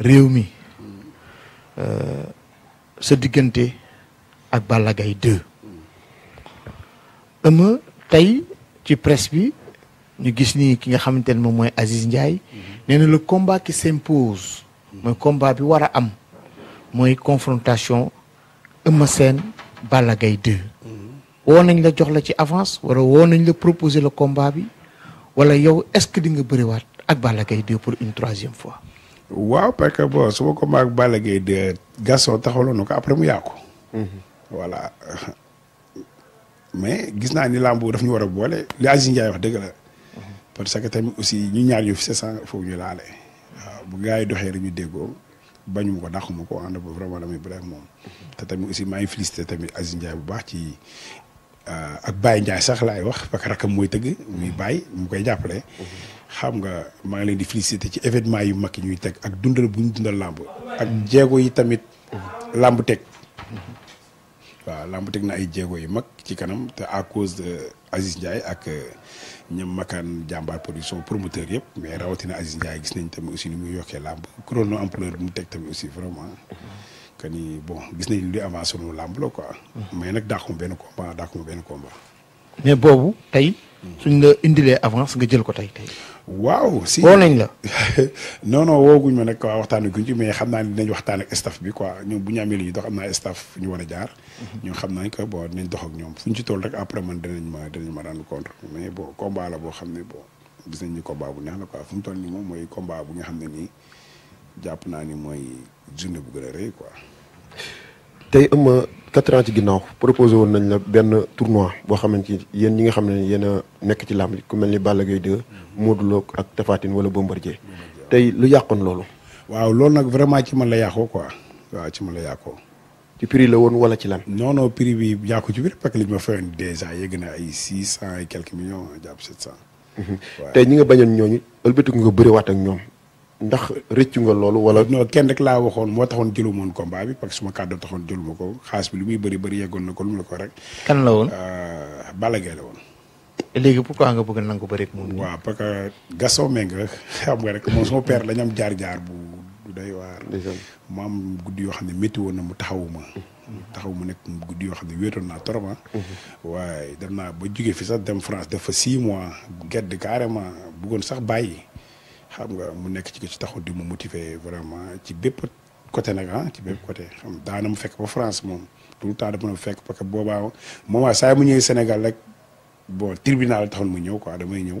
réew mi euh, sa diggante ak Balla 2 ëma tay ci presse bi ñu gis ni ki nga xamante ne moom Aziz ndjay néna le combat qui s'impose moy combat bi wara am moy confrontation Eumeu sen Balla 2 woo nañ la jox la ci avance wala woo nañ la proposer le combat bi wala yow est-ce que di nga bëriwaat ak Balla 2 pour une troisième fois waaw parce que bon su ma ko maag Balla Gaye de Gaston taxawaloon nu ko après mu yàqu. Mhm. voilà mais gis naa ni làmbu daf ñu war a boole li Aziz Ndiaye wax dëgg la. parce que tamit aussi ñu ñaar ñu fi c'est ça foofu ñu laale. bu gars yi doxee rek ñu déggoo bañu ma ko dàqu mu ko ànd ba vraiment mu bref moom. Mhm. te tamit aussi maa ngi félicité tamit a Ndiaye bu baax ci Euh, ak Baye Ndiaye sax laay wax parce que rakam mooy tëgg muy Baye mu koy jàppale. xam nga maa ngi leen di féliciter ci événement yu mag ñuy teg ak dundal bu ñu dundal làmb ak jéego yi tamit làmb teg waaw làmb teg na ay jéego yu mag ci kanam te à cause de Aziz Ndiaye ak euh, ñoom makaan jàmbaar production promoteur yëpp mais rawatina Aziz Ndiaye gis nañ tamit aussi ni muy yokkee làmb ku ron no ampleur bu mu teg tamit aussi vraiment que ni bon gis nañ luy avancé lu làmb la quoi. mais nag dàquma benn combat dàquma benn combat. mais boobu tey. suñ la indilee avance nga jël ko tey tey. waaw si woo nañ la. non non wooguñ ma nag quoi waxtaan guñ ci mais xam naa ne dinañ waxtaan ak staff bi quoi ñoom bu ñu amee lu ñuy dox am naa staff ñu war a jaar. ci toll rek après man danañ ma danañ ma rendre compte mais bon la boo xam ne bon gis nañ ni combat bu neex la quoi fu mu toll nii moom mooy combat bu nga xam ne nii. jàpp naa ni mooy journée bu gën a rëy quoi. tey ëmma quatre ans ci ginnaaw proposé woon nañ la benn tournoi boo xamante ni yéen ñi nga xam ne yéen a nekk ci làmb ku mel ni Balla Gaye 2. Modou Lo ak Tapha Tine wala Bombardier. tey lu yàqoon loolu. waaw loolu nag vraiment ci man la yàqoo quoi waaw ci man la yàqoo. ci prix la woon wala ci lan. non non prix bi yàqu ci biir parce que li ñu ma fayoon dèjà yegg na ay six cent et quelques millions jàpp sept cent. waaw mhm. tey ñi nga bañoon ñooñu ëlbatiku nga bëriwaat ak ñoom ndax rëccu nga loolu wala no kenn rek laa waxoon moo taxoon jëlu moon combat bi parce que suma kàddu taxoon jëlu ma ko bi lu muy bëri bëri yeggoon na ko rek kan la woon euh, Balla Gaye la woon léegi pourquoi nga bëgg nangu bëri moom waaw parce que xam nga rek père lañ am jaar jaar bu du day war. mu am guddi yoo xam ne métti woon na mu taxawuma taxaw mu nekk guddi yoo xam ne wéetoon naa ah. mhm. dem ba fi sax dem France def fa six mois gedd carrément bëggoon sax xam nga mu nekk ci ci taxul di mu motiver vraiment ci bépp côté nag ah ci bépp côté xam daana mu fekk ba France moom tout le temps dama doon fekk parce que boobaa moment saa mu ñëwee Sénégal rek bon tribunal mu ñëw ko damay ñëw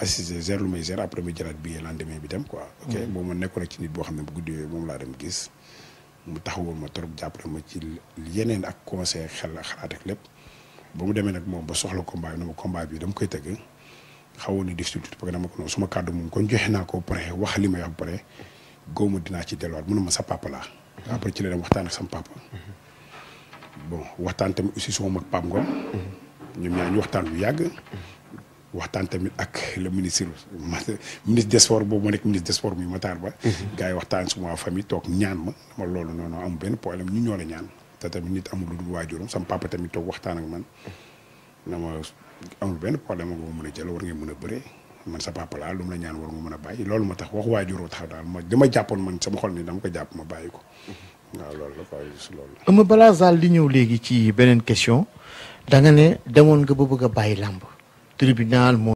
assiser zère lu may zère après mu jëlaat billet lendemain bi dem ko ok mm-hmm. boo ma nekkoon ci nit boo xam ne bu guddi moom laa dem gis mu taxawoon ma trop jàppale ma ci yeneen ak conseil xel xalaat ak lépp ba mu demee nag moom ba soxla combat bi na ma combat bi dama koy tëgg. xaw na def tuuti parce que dama ko noonu suma kàddu moom kon joxe naa ko pare wax li may wax pare góob ma dinaa ci delluwaat mun ma sa papa laa. après ci la dem waxtaan ak sama papa. bon waxtaan tamit aussi suma mag Pape Ngom. ñoom ñaar ñu waxtaan lu yàgg. waxtaan tamit ak le ministre ministre des sports boobu ma nekk ministre des sports muy Matar Ba. gars yi waxtaan suma famille toog ñaan ma ma loolu noonu am benn problème ñu ñoo la ñaan. te tamit nit amul lu dul waajuram sama papa tamit toog waxtaan ak man amul benn problème nga ko mën a jël war ngeen mën a bëre man sa papa lu mu la ñaan war nga a bàyyi loolu ma tax wax waajuroo tax daal ma dama jàppoon man sama xol ni dama ko jàpp ma bàyyi ko waaw loolu la quoi ñëw léegi ci beneen question da ne demoon nga ba bëgg a bàyyi làmb tribunal moo